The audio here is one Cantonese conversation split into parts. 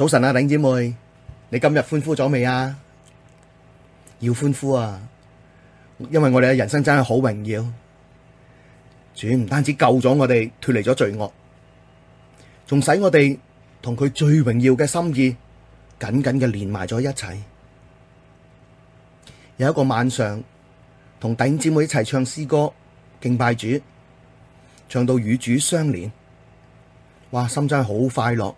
早晨啊，頂姊妹，你今日歡呼咗未啊？要歡呼啊！因為我哋嘅人生真係好榮耀，主唔單止救咗我哋，脫離咗罪惡，仲使我哋同佢最榮耀嘅心意緊緊嘅連埋咗一齊。有一個晚上，同頂姊妹一齊唱詩歌敬拜主，唱到與主相連，哇，心真係好快樂。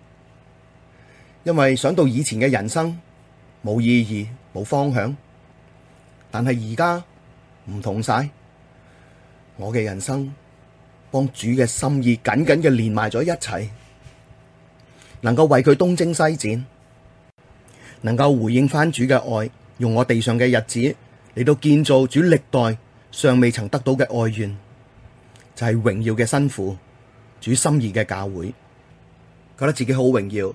因為想到以前嘅人生冇意義、冇方向，但係而家唔同晒。我嘅人生幫主嘅心意緊緊嘅連埋咗一齊，能夠為佢東征西戰，能夠回應翻主嘅愛，用我地上嘅日子嚟到建造主歷代尚未曾得到嘅愛願，就係、是、榮耀嘅辛苦，主心意嘅教會，覺得自己好榮耀。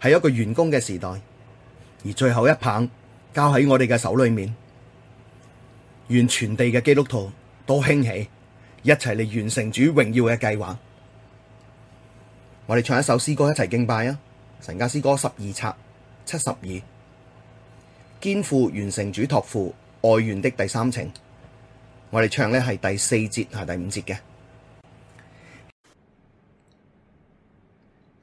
係一個完工嘅時代，而最後一棒交喺我哋嘅手裏面，願全地嘅基督徒都興起，一齊嚟完成主榮耀嘅計劃。我哋唱一首詩歌，一齊敬拜啊！神家詩歌十二冊七十二，肩負完成主托付愛願的第三程。我哋唱呢係第四節係第五節嘅。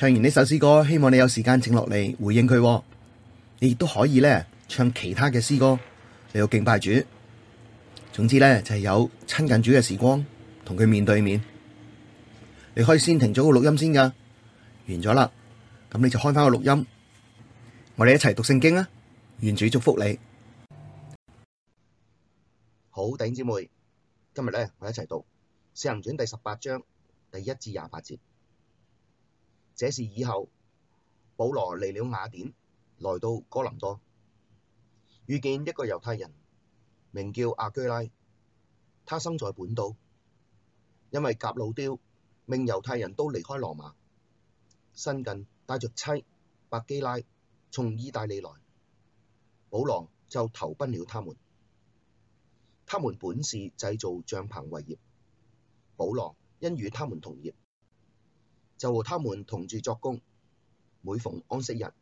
唱完呢首詩歌，希望你有時間靜落嚟回應佢。你亦都可以咧唱其他嘅詩歌，你要敬拜主。總之咧就係、是、有親近主嘅時光，同佢面對面。你可以先停咗個錄音先噶，完咗啦，咁你就開翻個錄音，我哋一齊讀聖經啊！願主祝福你。好，弟兄姊妹，今日咧我一齊讀使徒行傳第十八章第一至廿八節。這事以後，保羅離了雅典，來到哥林多，遇見一個猶太人，名叫亞居拉，他生在本都，因為革老丟，命猶太人都離開羅馬，新近帶着妻百基拉從意大利來，保羅就投奔了他們。他們本是製造帳棚為業，保羅因與他們同業，就和他們同住作工。每逢安息日，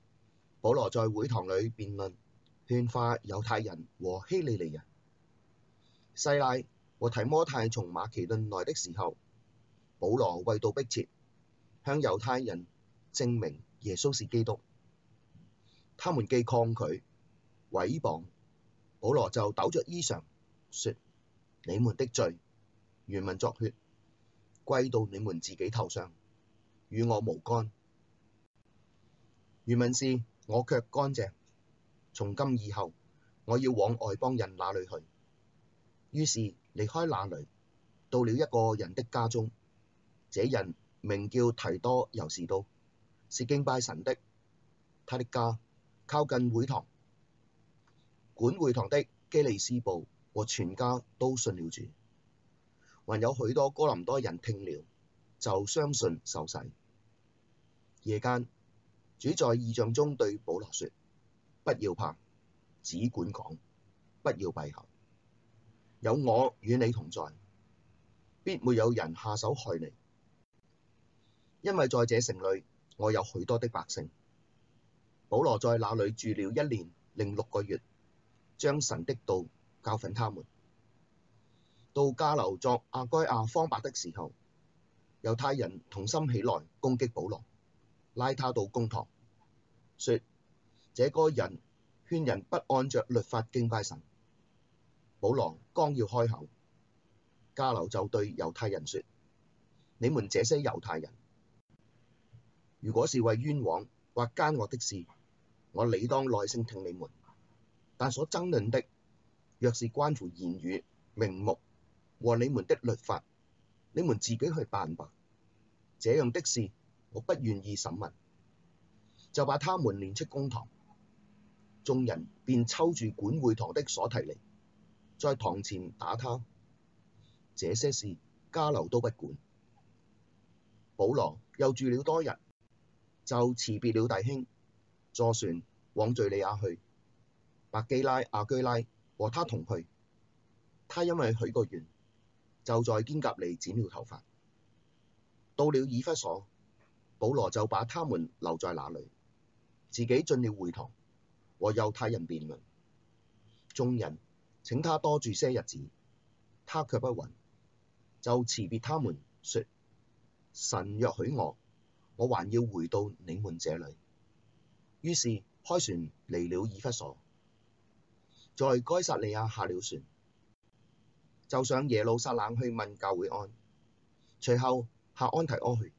保羅在會堂裏辯論，勸化猶太人和希利尼人。西拉和提摩太從馬其頓來的時候，保羅為道迫切，向猶太人證明耶穌是基督。他們既抗拒、毀謗，保羅就抖着衣裳，說：你們的罪原文作血，歸到你們自己頭上。與我無干，原文是，我卻乾淨。從今以後，我要往外邦人那裏去。於是離開那裏，到了一個人的家中，這人名叫提多猶士都，是敬拜神的。他的家靠近會堂，管會堂的基利司布和全家都信了主，還有許多哥林多人聽了。就相信受洗。夜間，主在異象中對保羅說：不要怕，只管講，不要閉口，有我與你同在，必沒有人下手害你，因為在這城裏我有許多的百姓。保羅在那裏住了一年零六個月，將神的道教訓他們。到迦流作亞該亞方伯的時候。猶太人同心起來攻擊保羅，拉他到公堂，說：這個人勸人不按着律法敬拜神。保羅剛要開口，迦流就對猶太人說：你們這些猶太人，如果是為冤枉或奸惡的事，我理當耐性聽你們；但所爭論的，若是關乎言語、名目和你們的律法，你們自己去辦吧。這樣的事，我不願意審問，就把他們攆出公堂。眾人便揪住管會堂的所提尼，在堂前打他。這些事迦流都不管。保羅又住了多日，就辭別了弟兄，坐船往敘利亞去。百基拉、亞居拉和他同去。他因為許過願，就在堅革哩剪了頭髮。到了以弗所，保羅就把他們留在那裏，自己進了會堂和猶太人辯論。眾人請他多住些日子，他却不允，就辭別他們說：神若許我，我還要回到你們這裏。於是開船離了以弗所，在該撒利亞下了船，就上耶路撒冷去問教會安，隨後。下安提阿去，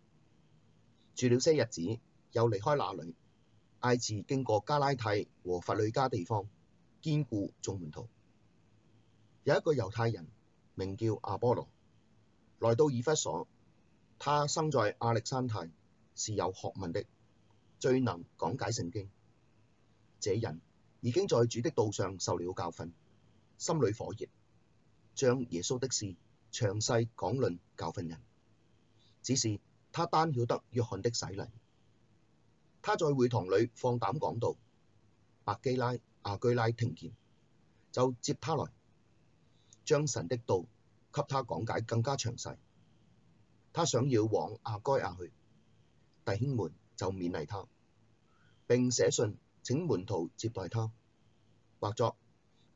住了些日子，又離開那裏，挨次經過加拉太和弗呂家地方，堅固眾門徒。有一個猶太人，名叫亞波羅，來到以弗所，他生在亞力山太，是有學問的，最能講解聖經。這人已經在主的道上受了教訓，心裏火熱，將耶穌的事詳細講論，教訓人。只是他單曉得約翰的洗禮，他在會堂裏放膽講道。百基拉、亞居拉聽見，就接他來，將神的道給他講解更加詳細。他想要往亞該亞去，弟兄們就勉勵他，並寫信請門徒接待他，或者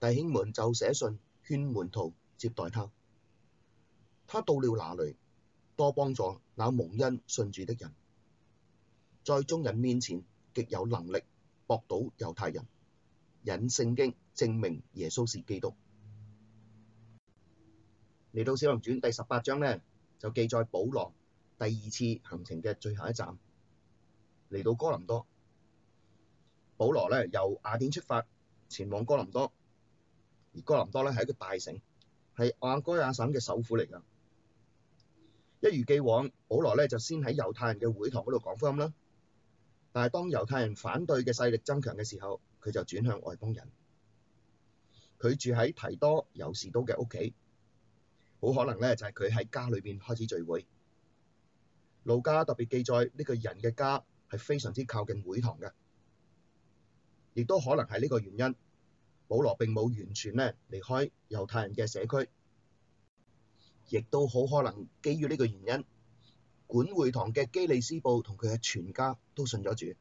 弟兄們就寫信勸門徒接待他。他到了那裏，多幫助那蒙恩信主的人，在眾人面前極有能力駁倒猶太人。引聖經證明耶穌是基督。嚟到《使徒行傳》第十八章呢，就記載保羅第二次行程嘅最後一站，嚟到哥林多。保羅呢由雅典出發前往哥林多，而哥林多呢，係一個大城，係亞該亞省嘅首府嚟㗎。一如既往，保羅呢就先喺猶太人嘅會堂嗰度講福音啦。但係當猶太人反對嘅勢力增強嘅時候，佢就轉向外邦人。佢住喺提多猶士都嘅屋企，好可能呢就係佢喺家裏邊開始聚會。路加特別記載呢、呢個人嘅家係非常之靠近會堂嘅，亦都可能係呢個原因，保羅並冇完全呢離開猶太人嘅社區。亦都好可能，基於呢個原因，管會堂嘅基利司布同佢嘅全家都信咗主。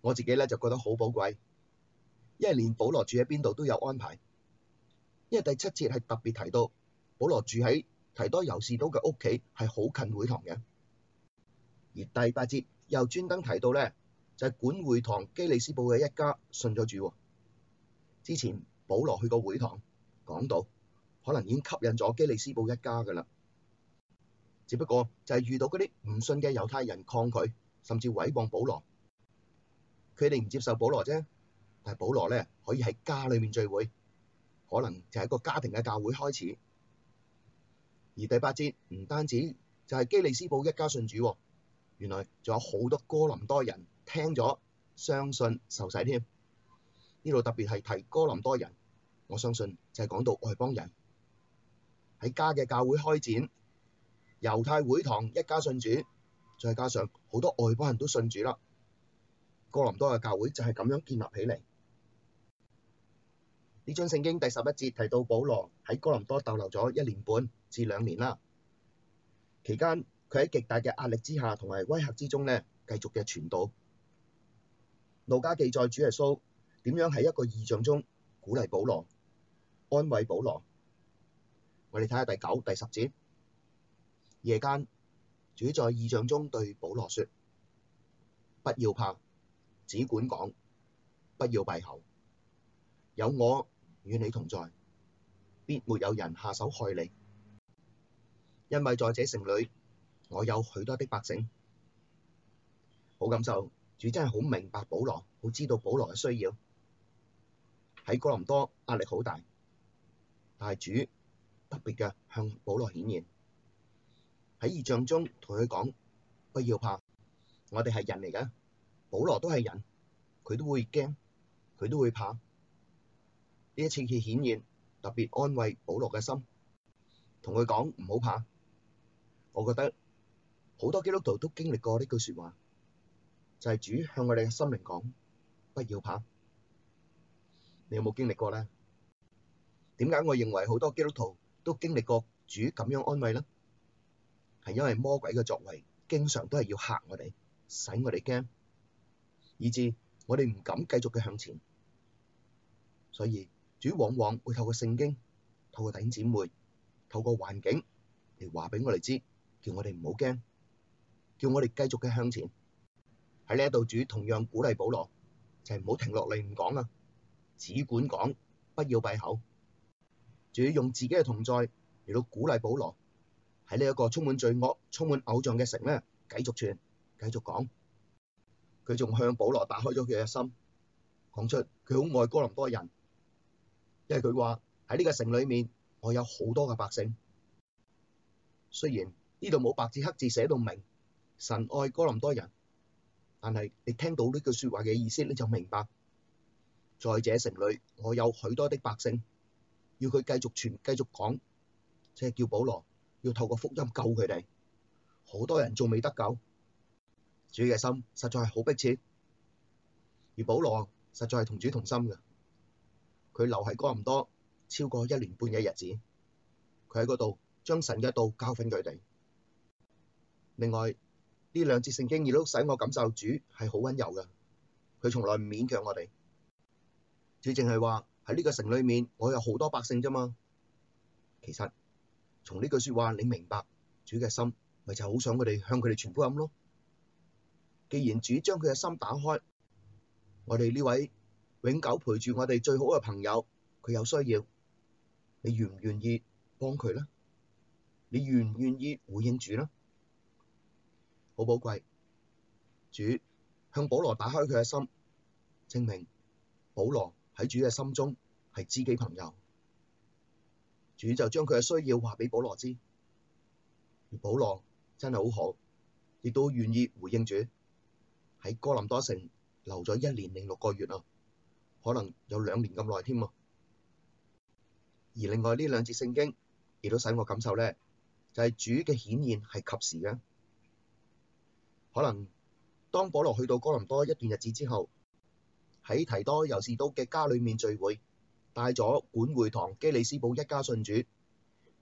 我自己咧就覺得好寶貴，因為連保羅住喺邊度都有安排。因為第七節係特別提到，保羅住喺提多猶士都嘅屋企係好近會堂嘅。而第八節又專登提到咧，就係、是、管會堂基利司布嘅一家信咗主。之前保羅去過會堂講到。可能已經吸引咗基利司布一家噶啦，只不過就係遇到嗰啲唔信嘅猶太人抗拒，甚至毀謗保羅。佢哋唔接受保羅啫，但係保羅咧可以喺家裏面聚會，可能就係一個家庭嘅教會開始。而第八節唔單止就係基利司布一家信主啊，原來仲有好多哥林多人聽咗相信受洗添。呢度特別係提哥林多人，我相信就係講到外邦人。喺家嘅教會開展猶太會堂一家信主，再加上好多外邦人都信主啦。哥林多嘅教會就係咁樣建立起嚟。呢章聖經第十一節提到，保羅喺哥林多逗留咗一年半至兩年啦。期間佢喺極大嘅壓力之下同埋威嚇之中咧，繼續嘅傳道。路加記載主耶穌點樣喺一個異象中鼓勵保羅、安慰保羅。我哋睇下第九、第十節。夜間，主在異象中對保羅說：不要怕，只管講，不要閉口，有我與你同在，必沒有人下手害你，因為在這城裏我有許多的百姓。好感受，主真係好明白保羅，好知道保羅嘅需要。喺哥林多壓力好大，但係主，特別嘅向保羅顯現喺異象中同佢講，不要怕。我哋係人嚟嘅，保羅都係人，佢都會驚，佢都會怕。呢一次嘅顯現特別安慰保羅嘅心，同佢講唔好怕。我覺得好多基督徒都經歷過呢句說話，就係主向我哋嘅心靈講，不要怕。你有冇經歷過呢？點解我認為好多基督徒都經歷過主咁樣安慰啦，係因為魔鬼嘅作為經常都係要嚇我哋，使我哋驚，以至我哋唔敢繼續嘅向前。所以主往往會透過聖經、透過弟兄姊妹、透過環境嚟話畀我哋知，叫我哋唔好驚，叫我哋繼續嘅向前。喺呢度，主同樣鼓勵保羅就係唔好停落嚟，唔講喇，只管講，不要閉口。就要用自己嘅同在嚟到鼓勵保羅喺呢一個充滿罪惡、充滿偶像嘅城呢，繼續傳、繼續講。佢仲向保羅打開咗佢嘅心，講出佢好愛哥林多人，因為佢話喺呢個城裏面，我有好多嘅百姓。雖然呢度冇白紙黑字寫到明神愛哥林多人，但係你聽到呢句説話嘅意思，你就明白。在這城裏，我有許多的百姓。要佢繼續傳、繼續講，即係叫保羅要透過福音救佢哋。好多人仲未得救，主嘅心實在係好迫切，而保羅實在係同主同心嘅。佢留喺哥林多超過一年半嘅日子，佢喺嗰度將神嘅道教訓佢哋。另外呢兩節聖經亦都使我感受主係好溫柔嘅，佢從來唔勉強我哋，只淨係話。喺呢個城裏面，我有好多百姓啫嘛。其實從呢句說話，你明白主嘅心，咪就係好想佢哋向佢哋傳福音咯。既然主將佢嘅心打開，我哋呢位永久陪住我哋最好嘅朋友，佢有需要，你願唔願意幫佢咧？你願唔願意回應主咧？好寶貴，主向保羅打開佢嘅心，證明保羅。喺主嘅心中係知己朋友，主就將佢嘅需要話俾保羅知，而保羅真係好好，亦都願意回應主喺哥林多城留咗一年零六個月啊，可能有兩年咁耐添啊。而另外呢兩節聖經亦都使我感受呢，就係主嘅顯現係及時嘅。可能當保羅去到哥林多一段日子之後。喺提多、猶士都嘅家裏面聚會，帶咗管會堂、基利司布一家信主，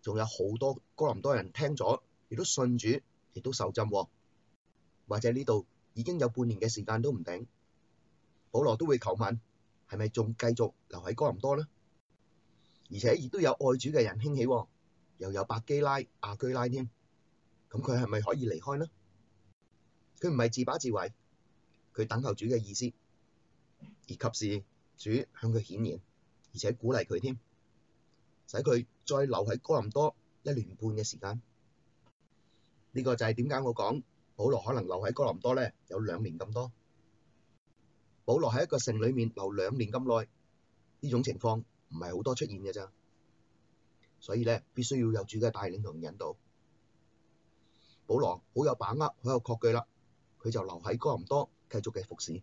仲有好多哥林多人聽咗，亦都信主，亦都受浸，哦。或者呢度已經有半年嘅時間都唔定，保羅都會求問：係咪仲繼續留喺哥林多呢？而且亦都有愛主嘅人興起，哦，又有百基拉、亞居拉添，咁佢係咪可以離開呢？佢唔係自把自為，佢等候主嘅意思。而及時主向佢顯現，而且鼓勵佢添，使佢再留喺哥林多一年半嘅時間。呢個就係點解我講保羅可能留喺哥林多咧，有兩年咁多。保羅喺一個城裏面留兩年咁耐，呢種情況唔係好多出現嘅咋。所以咧，必須要有主嘅帶領同引導。保羅好有把握，好有確據啦，佢就留喺哥林多繼續嘅服侍。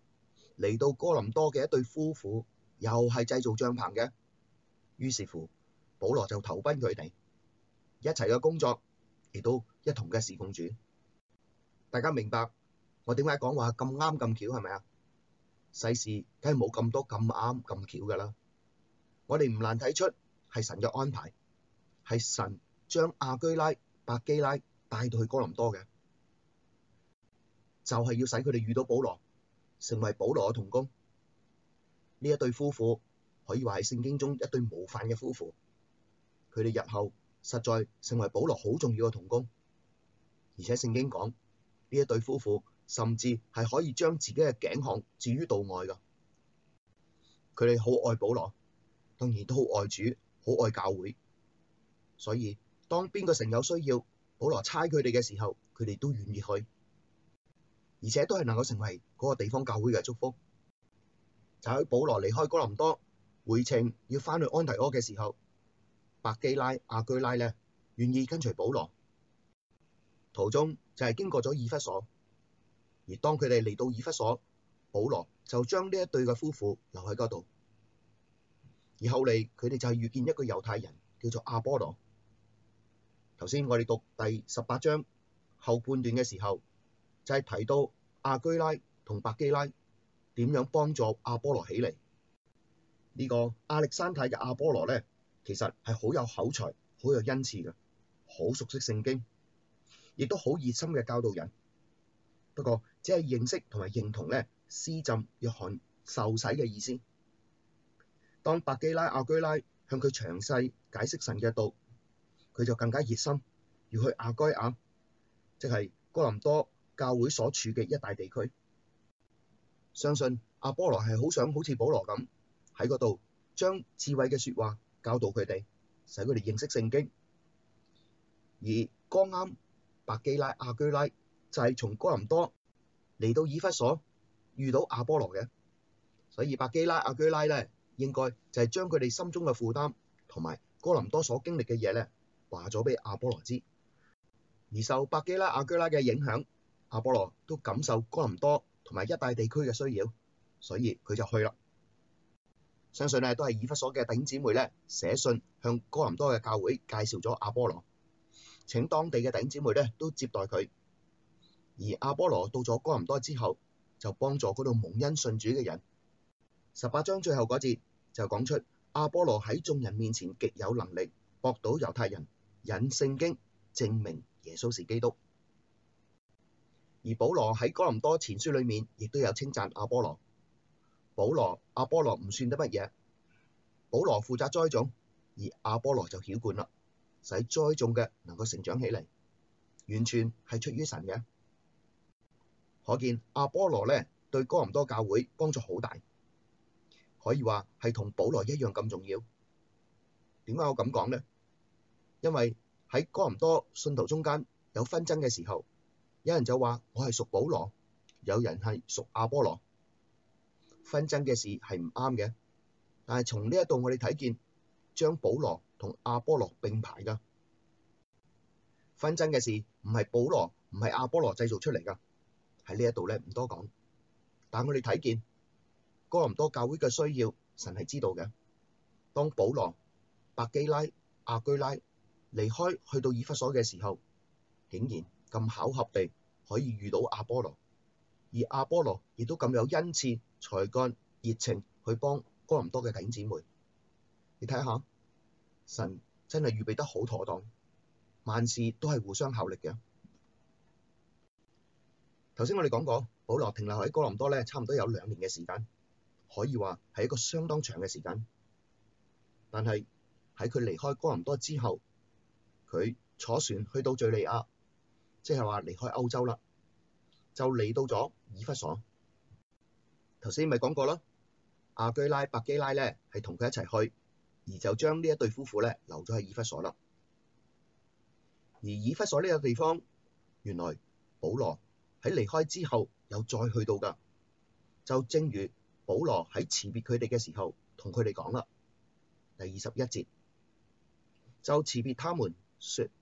嚟到哥林多嘅一對夫婦又係製造帳篷嘅，於是乎保羅就投奔佢哋，一齊嘅工作，亦都一同嘅侍奉主。大家明白我點解講話咁啱咁巧係咪啊？世事梗係冇咁多咁啱咁巧噶啦。我哋唔難睇出係神嘅安排，係神將亞居拉、百基拉帶到去哥林多嘅，就係要使佢哋遇到保羅。成為保羅嘅同工，呢一對夫婦可以話係聖經中一對模範嘅夫婦。佢哋日後實在成為保羅好重要嘅同工，而且聖經講呢一對夫婦甚至係可以將自己嘅頸項置於度外噶。佢哋好愛保羅，當然都好愛主，好愛教會。所以當邊個城有需要保羅差佢哋嘅時候，佢哋都願意去。而且都係能夠成為嗰個地方教會嘅祝福。就喺保羅離開哥林多回程要翻去安提阿嘅時候，百基拉、亞居拉咧願意跟隨保羅。途中就係經過咗以弗所，而當佢哋嚟到以弗所，保羅就將呢一對嘅夫婦留喺嗰度。而後嚟佢哋就係遇見一個猶太人叫做亞波羅。頭先我哋讀第十八章後半段嘅時候，就係提到亞居拉同百基拉點樣幫助亞波羅起嚟。呢、這個亞力山太嘅亞波羅咧，其實係好有口才，好有恩賜嘅，好熟悉聖經，亦都好熱心嘅教導人。不過只係認識同埋認同咧，施浸約翰受洗嘅意思。當百基拉、亞居拉向佢詳細解釋神嘅道，佢就更加熱心要去亞該亞，即係哥林多。教會所處嘅一大地區，相信亞波羅係好想好似保羅咁喺嗰度將智慧嘅説話教導佢哋，使佢哋認識聖經。而剛啱，百基拉、亞居拉就係從哥林多嚟到以弗所遇到亞波羅嘅，所以百基拉、亞居拉咧應該就係將佢哋心中嘅負擔同埋哥林多所經歷嘅嘢咧話咗俾亞波羅知，而受百基拉、亞居拉嘅影響。阿波羅都感受哥林多同埋一帶地區嘅需要，所以佢就去啦。相信咧都係以弗所嘅弟兄姊妹咧寫信向哥林多嘅教會介紹咗阿波羅，請當地嘅弟兄姊妹咧都接待佢。而阿波羅到咗哥林多之後，就幫助嗰度蒙恩信主嘅人。十八章最後嗰節就講出阿波羅喺眾人面前極有能力，駁倒猶太人，引聖經證明耶穌是基督。而保羅喺哥林多前書裏面，亦都有稱讚阿波羅。保羅、阿波羅唔算得乜嘢。保羅負責栽種，而阿波羅就曉灌啦，使栽種嘅能夠成長起嚟，完全係出於神嘅。可見阿波羅呢對哥林多教會幫助好大，可以話係同保羅一樣咁重要。點解我咁講呢？因為喺哥林多信徒中間有紛爭嘅時候。有人就話我係屬保羅，有人係屬亞波羅，紛爭嘅事係唔啱嘅。但係從呢一度我哋睇見，將保羅同亞波羅並排噶紛爭嘅事寶羅，唔係保羅唔係亞波羅製造出嚟噶，喺呢一度咧唔多講。但係我哋睇見哥林多教會嘅需要，神係知道嘅。當保羅、百基拉、亞居拉離開去到以弗所嘅時候，竟然。咁巧合地可以遇到阿波羅，而阿波羅亦都咁有恩賜、才幹、熱情去幫哥林多嘅弟兄姊妹。你睇下，神真係預備得好妥當，萬事都係互相效力嘅。頭先我哋講過，保羅停留喺哥林多咧，差唔多有兩年嘅時間，可以話係一個相當長嘅時間。但係喺佢離開哥林多之後，佢坐船去到敘利亞。即係話離開歐洲啦，就嚟到咗以弗所。頭先咪講過咯，亞居拉、百基拉咧係同佢一齊去，而就將呢一對夫婦咧留咗喺以弗所啦。而以弗所呢個地方，原來保羅喺離開之後又再去到㗎，就正如保羅喺辭別佢哋嘅時候同佢哋講啦，第二十一節就辭別他們說，說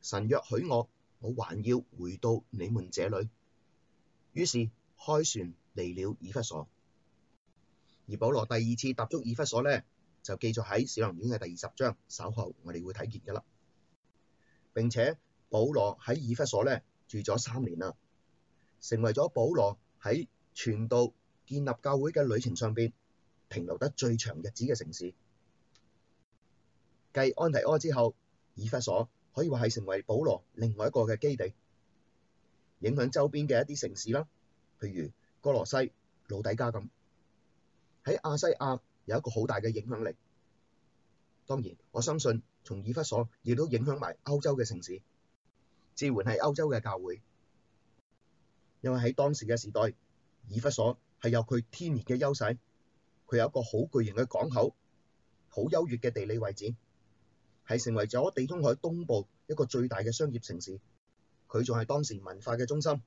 神若許我。我還要回到你們這裏，於是開船嚟了以弗所。而保羅第二次踏足以弗所呢，就記載喺《小林院》嘅第二十章，稍後我哋會睇見噶啦。並且保羅喺以弗所呢住咗三年啦，成為咗保羅喺傳道、建立教會嘅旅程上邊停留得最長日子嘅城市，繼安提阿之後，以弗所。可以話係成為保羅另外一個嘅基地，影響周邊嘅一啲城市啦，譬如哥羅西、老底嘉咁，喺亞西亞有一個好大嘅影響力。當然，我相信從以弗所亦都影響埋歐洲嘅城市，支援係歐洲嘅教會，因為喺當時嘅時代，以弗所係有佢天然嘅優勢，佢有一個好巨型嘅港口，好優越嘅地理位置。係成為咗地中海東部一個最大嘅商業城市，佢仲係當時文化嘅中心。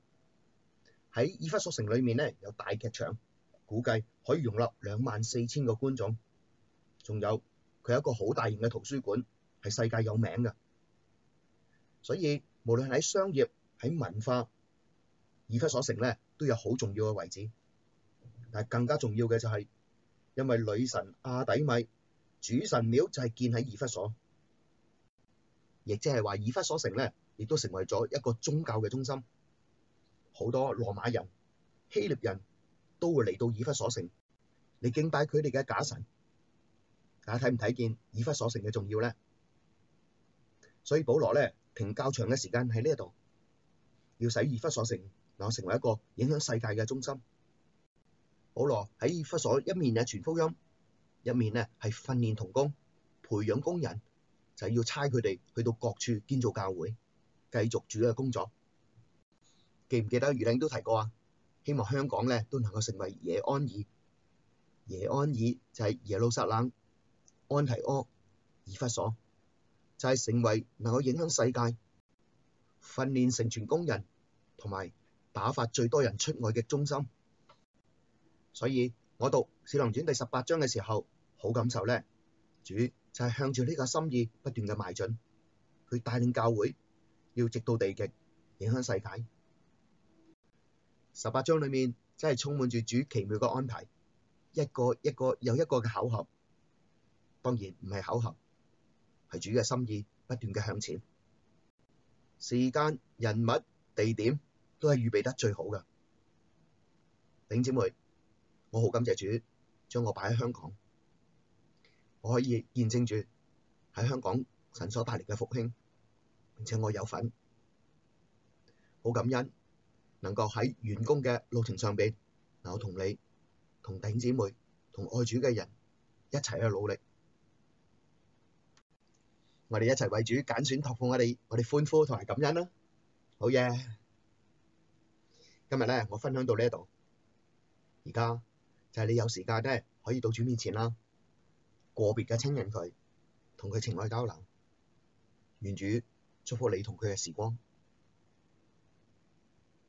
喺以弗所城裏面呢，有大劇場，估計可以容納兩萬四千個觀眾，仲有佢有一個好大型嘅圖書館，係世界有名嘅。所以無論喺商業、喺文化，以弗所城呢都有好重要嘅位置。但係更加重要嘅就係，因為女神阿底米主神廟就係建喺以弗所。亦即係話，以弗所城咧，亦都成為咗一個宗教嘅中心，好多羅馬人、希臘人都會嚟到以弗所城嚟敬拜佢哋嘅假神。大家睇唔睇見以弗所城嘅重要咧？所以保羅咧，停較長嘅時間喺呢一度，要使以弗所城能成為一個影響世界嘅中心。保羅喺以弗所一面啊傳福音，一面咧係訓練同工、培養工人。就要差佢哋去到各處建造教會，繼續主嘅工作。記唔記得餘領都提過啊？希望香港咧都能夠成為耶安爾，耶安爾就係耶路撒冷、安提阿、以弗所，就係成為能夠影響世界、訓練成全工人同埋打發最多人出外嘅中心。所以我讀《使徒行傳》第十八章嘅時候，好感受咧，主。但係向住呢個心意不斷嘅邁進，佢帶領教會，要直到地極，影響世界。十八章裏面真係充滿住主奇妙嘅安排，一個一個又一個嘅巧合，當然唔係巧合，係主嘅心意不斷嘅向前，時間、人物、地點都係預備得最好嘅。弟姐妹，我好感謝主將我擺喺香港。我可以驗證住喺香港神所帶嚟嘅復興，並且我有份，好感恩能夠喺完工嘅路程上邊，嗱，我同你同弟兄姊妹同愛主嘅人一齊去努力，我哋一齊為主揀選託付我哋，我哋歡呼同埋感恩啦。好嘢，今日咧我分享到呢度，而家就係你有時間咧可以到主面前啦。和別嘅親人，佢，同佢情愛交流，願主祝福你同佢嘅時光。